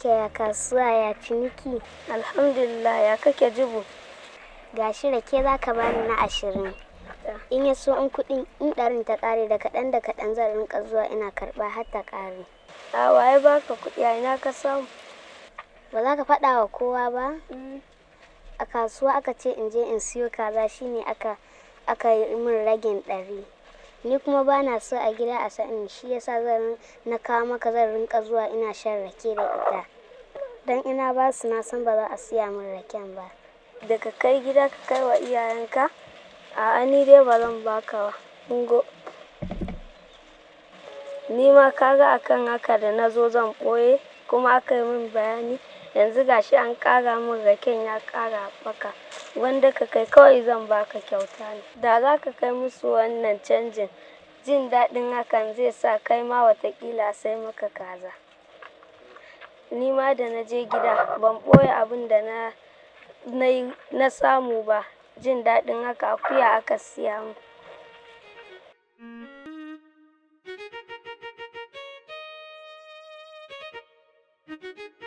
kake ya kasuwa ya ciniki alhamdulillah ya kake jibo gashi rake za ka bani na ashirin in ya so in kudin in ɗarin ta ƙare da kaɗan da kaɗan zan rinka zuwa ina karɓa har ta ƙare a waye baka kuɗi a ina ka samu ba za ka faɗa wa kowa ba mm. a kasuwa aka ce in je in siyo kaza shi ne aka yi min ragin ɗari ni kuma ba na so a gida a sa'in shi yasa zan na kawo maka zan rinka zuwa ina shan rake da ita dan ina ba su na san ba za a siya min raken ba daga kai gida ka kai wa iyayenka a ni dai ba zan baka ba ngo ni ma kaga akan haka da na zo zan ɓoye kuma aka yi min bayani yanzu gashi an ƙara min raken ya ƙara maka wanda ka kai kawai zan baka kyauta ne da za ka kai musu wannan canjin jin daɗin hakan zai sa kai ma watakila sai maka kaza ni ma da na je gida ban ɓoye abin da na na samu ba jin daɗin haka akuya aka siya mu thank you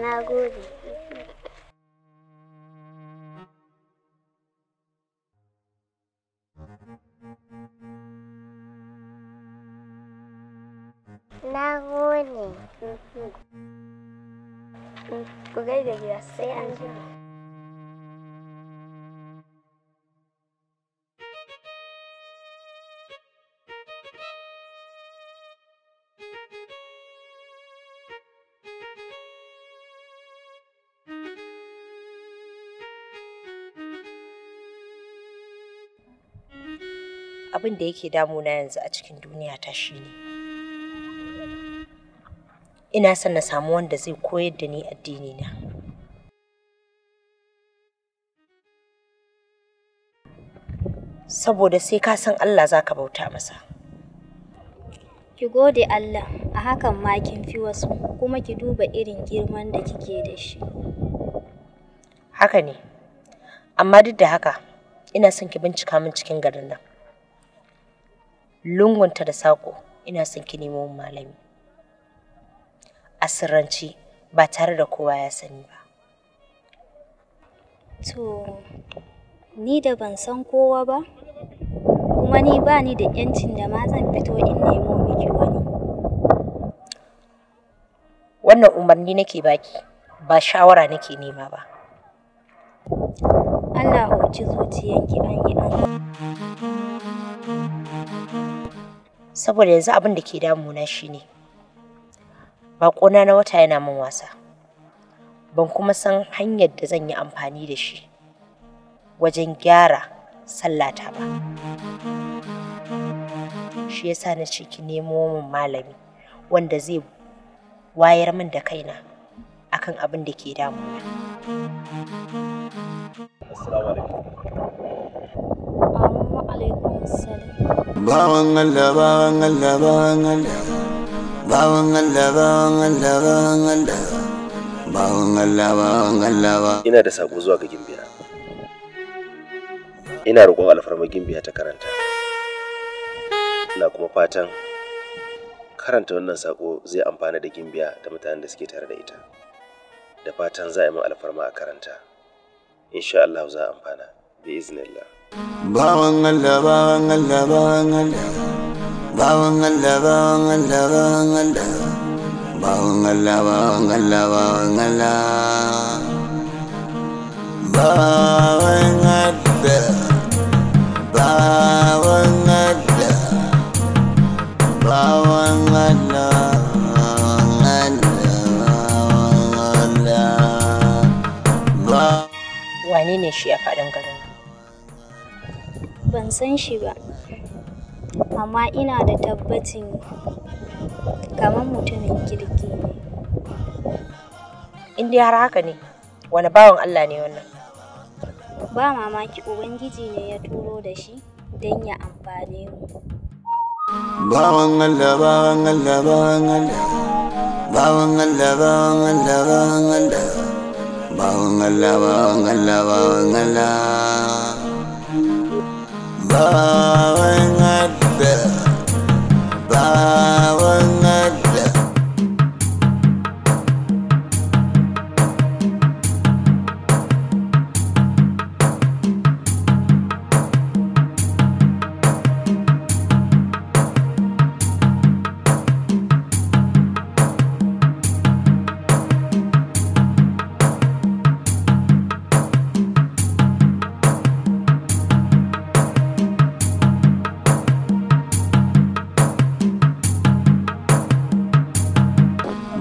Naguri. kai da an abin da yake damu na yanzu a cikin duniya ta shi ne. ina son na samu wanda zai koyar da ni addini na saboda sai ka san Allah za ka bauta masa. Ki gode Allah, a hakan ma kin fi wasu kuma ki duba irin girman da kike da shi. Haka ne, amma duk da haka ina son ki bincika min cikin garin nan. Lungunta da sako, ina son ki nemo malami. A ba tare da kowa ya sani ba. To, ni da ban san kowa ba, kuma ni ba ni da ‘yancin da ma zan fito in nemo miki wani. Wannan umarni nake baki, ba shawara nake nema ba. Allah hoci zuciyanki an yi an Saboda yanzu abin da ke damuna shine baƙona na wata yana min wasa, ban kuma san hanyar da zan yi amfani da shi wajen gyara sallata ba shi yasa na ce ki nemo min malami wanda zai wayar min da kaina akan abin da ke damuna Ina da sako zuwa ga gimbi. ina roƙon alfarma gimbiya ta karanta ina kuma fatan karanta wannan sako zai amfana da gimbiya da mutanen da suke tare da ita da fatan za a yi min alfarma a karanta insha Allah za a amfana bi iznillah bawan Allah bawan Allah bawan Allah bawan Allah bawan Allah bawan Allah bawan Allah bawan Allah bawan Allah san shi ba amma ina da tabbacin kamar mutumin kirki ne in dai har haka ne wani bawan Allah ne wannan ba mamaki ubangiji ne ya turo da shi don ya amfane mu bawan Allah bawan Allah bawan Allah bawan Allah bawan Allah bawan Allah bawan Allah bawan Allah bawan Allah bawan ada bawan ada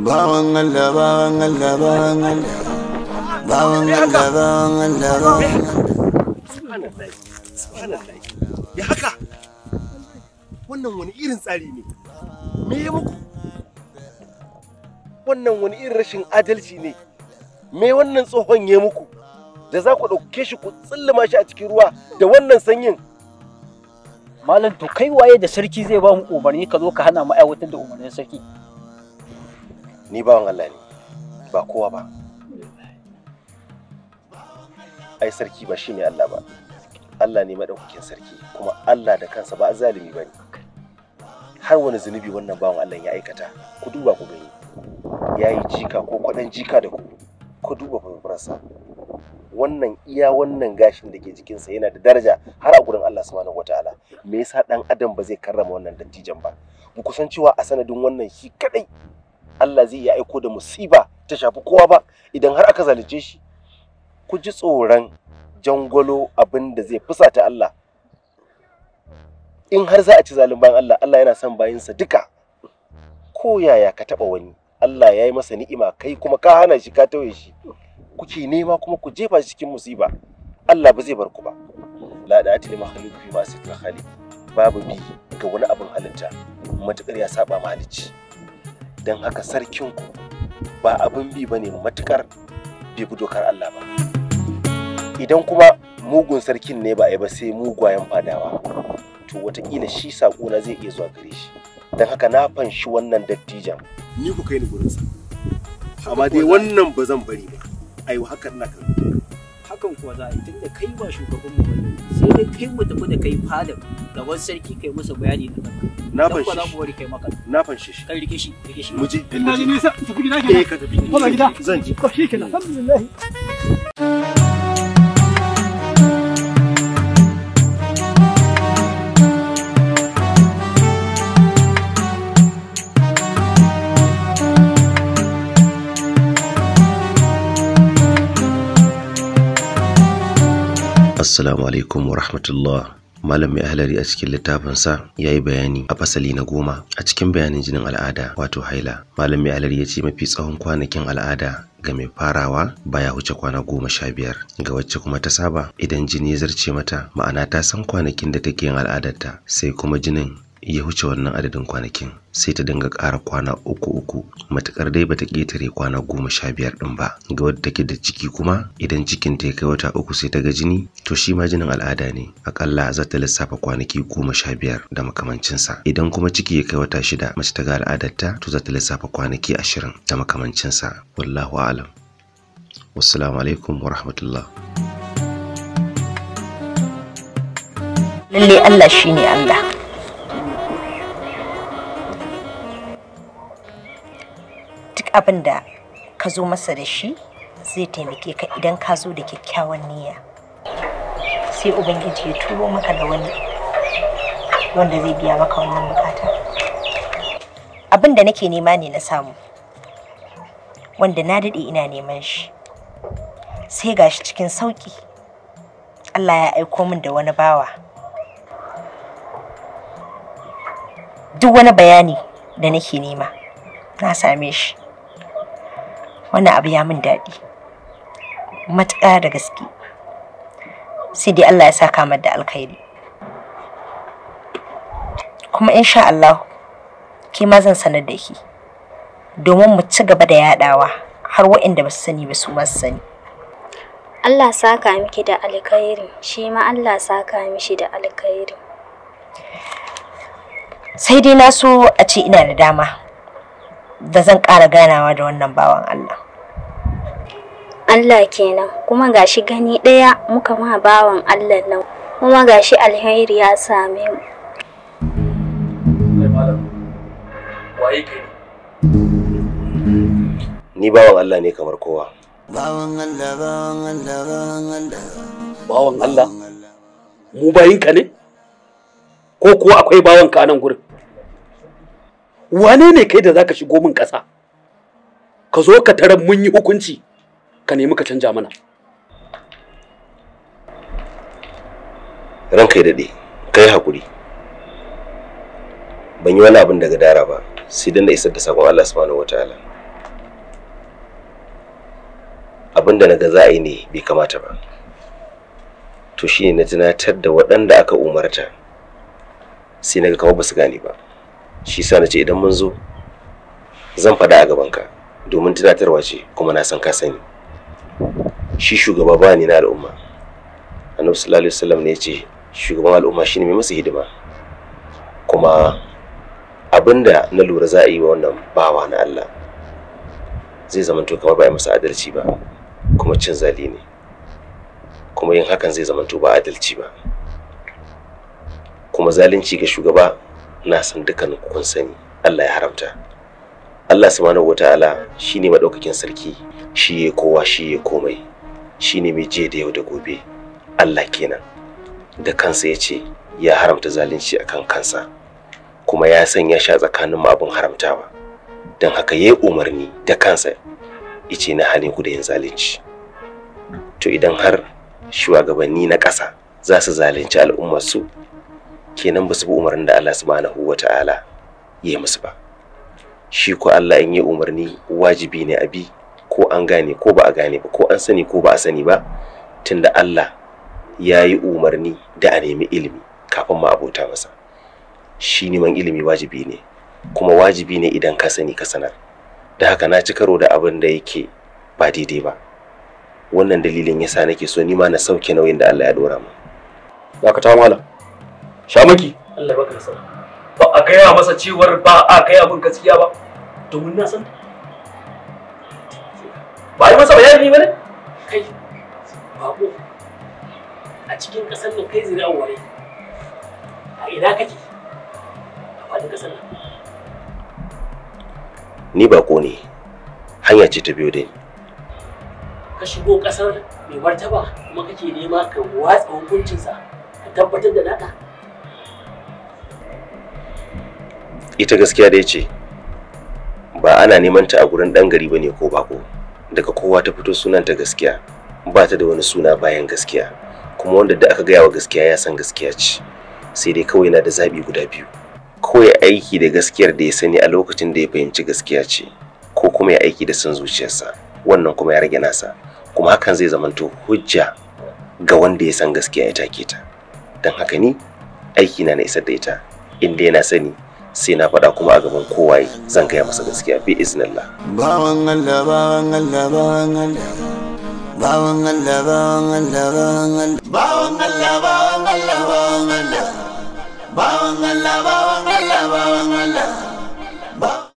bawan Allah bawan Allah bawan Allah bawan Allah bawan Allah ya haka wannan wani irin tsari ne me ya muku wannan wani irin rashin adalci ne me wannan tsohon ya muku da za ku ɗauke shi ku tsillima shi a cikin ruwa da wannan sanyin malam to kai waye da sarki zai ba mu umarni ka zo ka hana mu aiwatar da umarnin sarki ni bawan Allah ne ba kowa ba ai sarki ba shine Allah ba Allah ne madaukakin sarki kuma Allah da kansa ba zalimi bane har wani zunubi wannan bawan Allah ya aikata ku duba ku gani yayi jika ko kwadan jika da ku ku duba furfurarsa wannan iya wannan gashin da ke jikinsa yana da daraja har a gurin Allah subhanahu wataala me yasa dan adam ba zai karrama wannan dattijan ba ku kusan cewa a sanadin wannan shi kadai Allah zai iya aiko da musiba ta shafi kowa ba idan har aka zalunce shi ku ji tsoron jangwalo abin da zai ta Allah in har za a ci zalun bayan Allah Allah yana son bayinsa duka ko yaya ka taba wani Allah ya yi masa ni'ima kai kuma ka hana shi ka tauye shi kuke nema kuma ku jefa shi cikin musiba Allah ba zai bar ku ba la da atili makhluq fi ma sitra babu bi ga wani abin halitta matukar ya saba mahalicci don haka sarkinku ba abin bi ba ne matukar bi dokar Allah ba idan kuma mugun sarkin ne ba a yi ba sai mugwayen fadawa to watakila shi na zai iya zuwa gare shi don haka na fanshi wannan dattijan ni ku kai ni gurinsa amma dai wannan ba zan bari ba aiwa haka ina kallo hakan kuwa za a yi tunda kai ba shugaban mu bane sai dai kai mu tafi da kai fada gaban sarki kai masa bayani na kanka na fanshi za mu wari kai maka na fanshi shi kai rike shi rike shi mu je illa ni sa tafi gida eh, ke ka tafi ko gida zan ji ko shi kenan alhamdulillah assalamu alaikum wa rahmatullah Malam mai ahalari a cikin littafinsa ya yi bayani a fasali na goma a cikin bayanin jinin al'ada wato haila. Malam mai ahalari ya ce mafi tsawon kwanakin al'ada ga mai farawa baya wuce kwana goma sha biyar ga wacce kuma ta saba idan jini ya zarce mata ma'ana ta san kwanakin da take yin al'adarta sai kuma jinin ya wuce wannan adadin kwanakin sai ta dinga ƙara kwana uku uku matuƙar dai bata ƙetare kwana goma sha biyar ɗin ba ga wadda take da ciki kuma idan cikin ta ya kai wata uku sai ta ga jini to shi ma jinin al'ada ne aƙalla za ta lissafa kwanaki goma sha biyar da makamancinsa idan kuma ciki ya kai wata shida mace ta ga al'adarta to za ta lissafa kwanaki ashirin da makamancinsa wallahu alam wassalamu alaikum wa rahmatullah lalle Allah shine Allah abin da ka zo masa da shi zai taimake ka idan ka zo da kyakkyawan niyya sai ubangiji ya turo maka da wani wanda zai biya maka wannan bukata abin da nake nema ne na samu wanda na daɗe ina neman shi sai ga shi cikin sauƙi Allah ya aiko min da wani bawa duk wani bayani da nake nema na same shi wannan abu ya min daɗi matuƙa da gaske sai dai Allah ya sa kamar da alkhairi kuma insha Allah ke ma zan sanar da ki domin mu ci gaba da yaɗawa har waɗanda ba su sani ba su ma sani Allah saka miki da alkhairi shi ma Allah saka mishi da alkhairi sai dai na so a ce ina da dama da zan ƙara ganawa da wannan bawan Allah. Allah kenan kuma gashi gani ɗaya muka ma bawan Allah nan kuma gashi alheri ya same mu. Ni bawan Allah ne kamar kowa. Bawan Allah, bawan Allah, bawan Allah. Bawan Allah? Mu bayinka ne? Ko kuwa akwai bawanka a nan gurin? wane ne kai da zaka shigo min ƙasa ka zo ka tarar mun yi hukunci ka nemi ka canja mana ranka ya daɗe kai hakuri ban yi wani abin daga dara ba sai dan na isar da sakon Allah subhanahu wataala abin da naga za a yi ne bai kamata ba to shine na tunatar da waɗanda aka umarta sai naga kamar ba su gane ba shi sa na ce idan mun zo zan faɗa a gaban ka, domin tunatarwa ce kuma na san ka sani shi shugaba ba ne na al'umma annabi sallallahu alaihi wasallam ne ya shugaban al'umma shine mai musu hidima kuma abinda na lura za a yi wa wannan bawa na Allah zai to kamar ba a masa adalci ba kuma cin zali ne kuma yin hakan zai zamanto ba adalci ba kuma zalunci ga shugaba na san dukkan kun sani Allah ya haramta Allah subhanahu wataala shine madaukakin sarki shi ya kowa shi ya komai shine mai jiya da yau da gobe Allah kenan da kansa ya ce ya haramta zalunci akan kansa kuma ya sanya shi a tsakanin abin haramtawa don haka ya yi umarni da kansa ice na hane ku da yin zalunci to idan har shugabanni na ƙasa za su zalunci al'ummarsu kenan ba su bi umarnin da Allah subhanahu wa ta'ala ya musu ba shi ko Allah in yi umarni wajibi ne abi ko an gane ko ba a gane ba ko an sani ko ba a sani ba tunda Allah ya yi umarni da a nemi ilimi kafin ma abota masa shi neman ilimi wajibi ne kuma wajibi ne idan ka sani ka sanar da haka na ci karo da abin da yake ba daidai ba wannan dalilin yasa nake so ni ma na sauke nauyin da Allah ya dora mu dakata malam shamaki Allah baka da sana ba a gaya masa cewar ba a kai abin gaskiya ba domin na san ba yi masa bayani ba ne kai ko a cikin ƙasar nan kai zira ware a ina kake a faɗin ƙasar nan ni ko ne hanya ce ta biyo dai ka shigo ƙasar mai martaba kuma kake nema ka watsa hukuncinsa ka tabbatar da naka ita gaskiya da ce ba ana neman ta a gurin ɗan gari ba ne ko bako daga kowa ta fito sunan ta gaskiya ba ta da wani suna bayan gaskiya kuma wanda da aka gaya wa gaskiya ya san gaskiya ce sai dai kawai na da zabi guda biyu ko ya aiki da gaskiyar da ya sani a lokacin da ya fahimci gaskiya ce ko kuma ya aiki da san zuciyarsa wannan kuma ya rage nasa kuma hakan zai zamanto hujja ga wanda ya san gaskiya ya take ta don haka ni aiki na na isar da ita inda yana sani sai na faɗa kuma a gaban kowaye zan gaya masa gaskiya bi iznillah bawan Allah bawan Allah bawan Allah bawan Allah bawan Allah bawan Allah bawan Allah bawan Allah bawan Allah bawan Allah bawan Allah